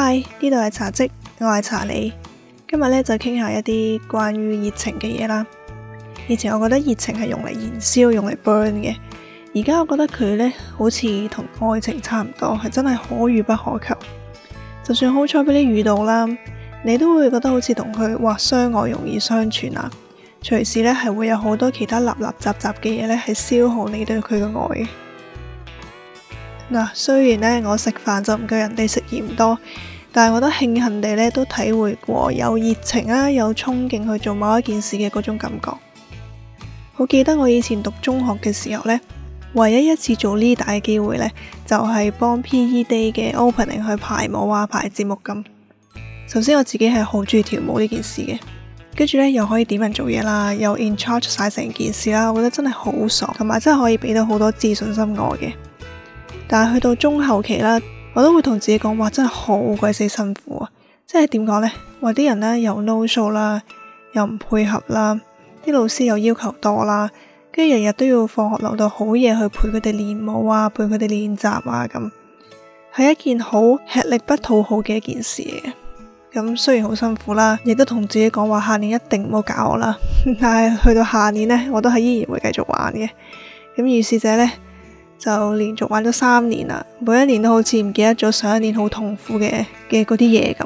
Hi，呢度係茶嘖，我係茶理。今日咧就傾下一啲關於熱情嘅嘢啦。以前我覺得熱情係用嚟燃燒、用嚟 burn 嘅。而家我覺得佢咧好似同愛情差唔多，係真係可遇不可求。就算好彩俾你遇到啦，你都會覺得好似同佢話，相愛容易相傳啊隨時咧係會有好多其他垃垃雜雜嘅嘢咧，係消耗你對佢嘅愛嗱，雖然咧我食飯就唔夠人哋食鹽多，但係我都覺得慶幸地咧都體會過有熱情啊，有憧憬去做某一件事嘅嗰種感覺。好記得我以前讀中學嘅時候咧，唯一一次做 leader 嘅機會咧，就係幫 PE Day 嘅 opening 去排舞啊，排節目咁。首先我自己係好中意跳舞呢件事嘅，跟住咧又可以點人做嘢啦，又 in charge 晒成件事啦，我覺得真係好爽，同埋真係可以俾到好多自信心我嘅。但係去到中後期啦，我都會同自己講話真係好鬼死辛苦啊！即係點講呢？話啲人呢，no、又 no show 啦，又唔配合啦，啲老師又要求多啦，跟住日日都要放學留到好夜去陪佢哋練舞啊，陪佢哋練習啊，咁係一件好吃力不討好嘅一件事嘅。咁雖然好辛苦啦，亦都同自己講話下年一定唔好搞我啦。但係去到下年呢，我都係依然會繼續玩嘅。咁於是者呢。就連續玩咗三年啦，每一年都好似唔記得咗上一年好痛苦嘅嘅嗰啲嘢咁。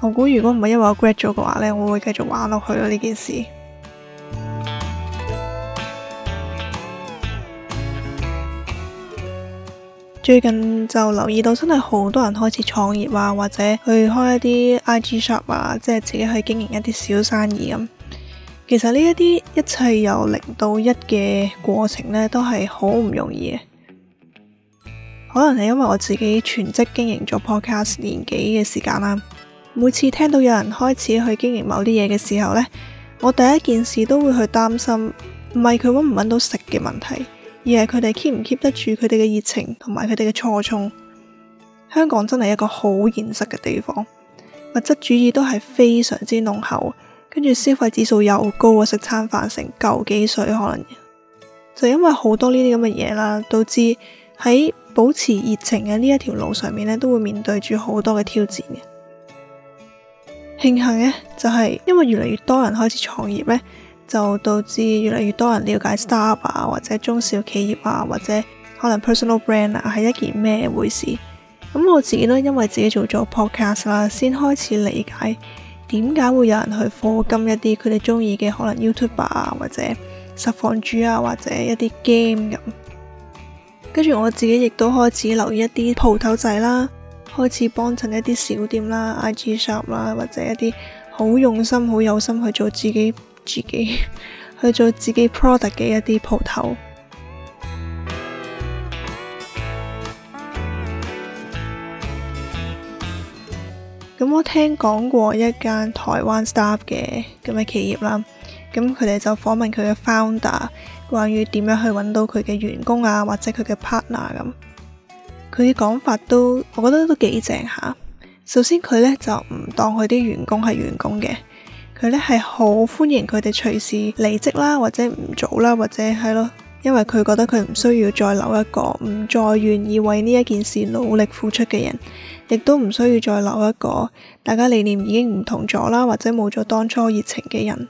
我估如果唔係因為我 grad 咗嘅話呢，我會繼續玩落去咯呢件事。 最近就留意到真係好多人開始創業啊，或者去開一啲 IG shop 啊，即係自己去經營一啲小生意咁、啊。其實呢一啲一切由零到一嘅過程呢，都係好唔容易嘅。可能係因為我自己全職經營咗 podcast 年幾嘅時間啦。每次聽到有人開始去經營某啲嘢嘅時候呢，我第一件事都會去擔心，唔係佢揾唔揾到食嘅問題，而係佢哋 keep 唔 keep 得住佢哋嘅熱情同埋佢哋嘅初衷。香港真係一個好現實嘅地方，物質主義都係非常之濃厚。跟住消費指數又高啊！食餐飯成嚿幾水，可能就因為好多呢啲咁嘅嘢啦，導致喺保持熱情嘅呢一條路上面呢，都會面對住好多嘅挑戰嘅。慶幸呢，就係因為越嚟越多人開始創業呢，就導致越嚟越多人了解 start up 啊，或者中小企業啊，或者可能 personal brand 啊，係一件咩回事？咁我自己呢，因為自己做咗 podcast 啦，先開始理解。點解會有人去課金一啲佢哋中意嘅可能 YouTuber 啊，或者實況主啊，或者一啲 game 咁？跟住我自己亦都開始留意一啲鋪頭仔啦，開始幫襯一啲小店啦、IG shop 啦，或者一啲好用心、好有心去做自己、自己 去做自己 product 嘅一啲鋪頭。咁我聽講過一間台灣 startup 嘅咁嘅企業啦，咁佢哋就訪問佢嘅 founder，關於點樣去揾到佢嘅員工啊，或者佢嘅 partner 咁，佢嘅講法都我覺得都幾正吓，首先佢呢就唔當佢啲員工係員工嘅，佢呢係好歡迎佢哋隨時離職啦，或者唔做啦，或者係咯，因為佢覺得佢唔需要再留一個唔再願意為呢一件事努力付出嘅人。亦都唔需要再留一個大家理念已經唔同咗啦，或者冇咗當初熱情嘅人。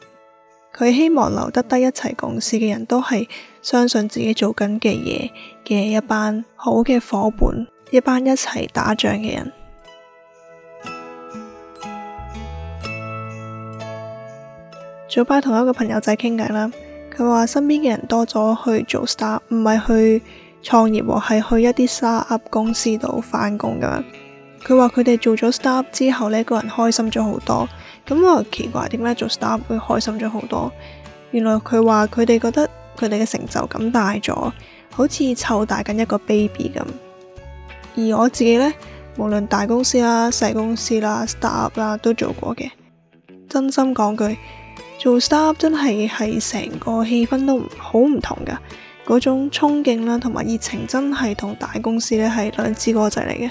佢希望留得低一齊共事嘅人都係相信自己做緊嘅嘢嘅一班好嘅伙伴，一班一齊打仗嘅人。 早排同一個朋友仔傾偈啦，佢話身邊嘅人多咗去做 startup，唔係去創業，係去一啲 startup 公司度返工咁樣。佢話：佢哋做咗 startup 之後呢個人開心咗好多。咁我奇怪點解做 startup 會開心咗好多？原來佢話佢哋覺得佢哋嘅成就感大咗，好似湊大緊一個 baby 咁。而我自己呢，無論大公司啦、細公司啦、startup 啦，都做過嘅。真心講句，做 startup 真係係成個氣氛都好唔同㗎。嗰種衝勁啦，同埋熱情真係同大公司呢係兩支歌仔嚟嘅。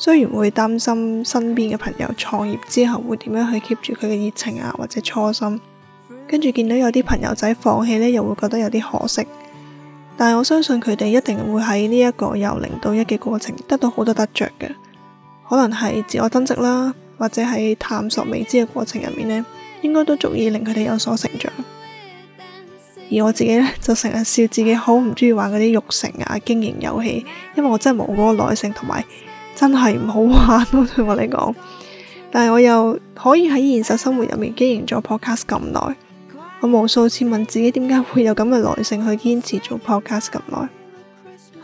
雖然會擔心身邊嘅朋友創業之後會點樣去 keep 住佢嘅熱情啊，或者初心，跟住見到有啲朋友仔放棄呢，又會覺得有啲可惜。但係我相信佢哋一定會喺呢一個由零到一嘅過程，得到好多得着嘅，可能係自我增值啦，或者喺探索未知嘅過程入面呢，應該都足以令佢哋有所成長。而我自己呢，就成日笑自己好唔中意玩嗰啲育成啊經營遊戲，因為我真係冇嗰個耐性，同埋真係唔好玩咯，啊，對我嚟講。但係我又可以喺現實生活入面經營咗 podcast 咁耐，我無數次問自己點解會有咁嘅耐性去堅持做 podcast 咁耐？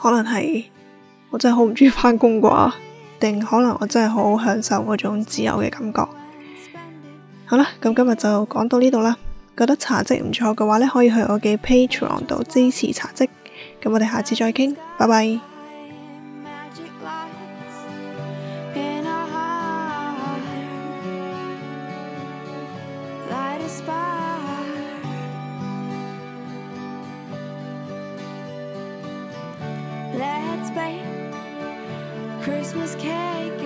可能係我真係好唔中意返工啩，定可能我真係好享受嗰種自由嘅感覺。好啦，咁今日就講到呢度啦。覺得茶嘖唔錯嘅話咧，可以去我嘅 Patreon 度支持茶嘖。咁我哋下次再傾，拜拜。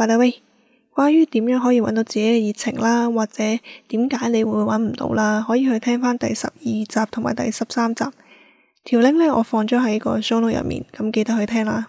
by the way，關於點樣可以揾到自己嘅熱情啦，或者點解你會揾唔到啦，可以去聽翻第十二集同埋第十三集，條 link 咧我放咗喺個 show note 入面，咁記得去聽啦。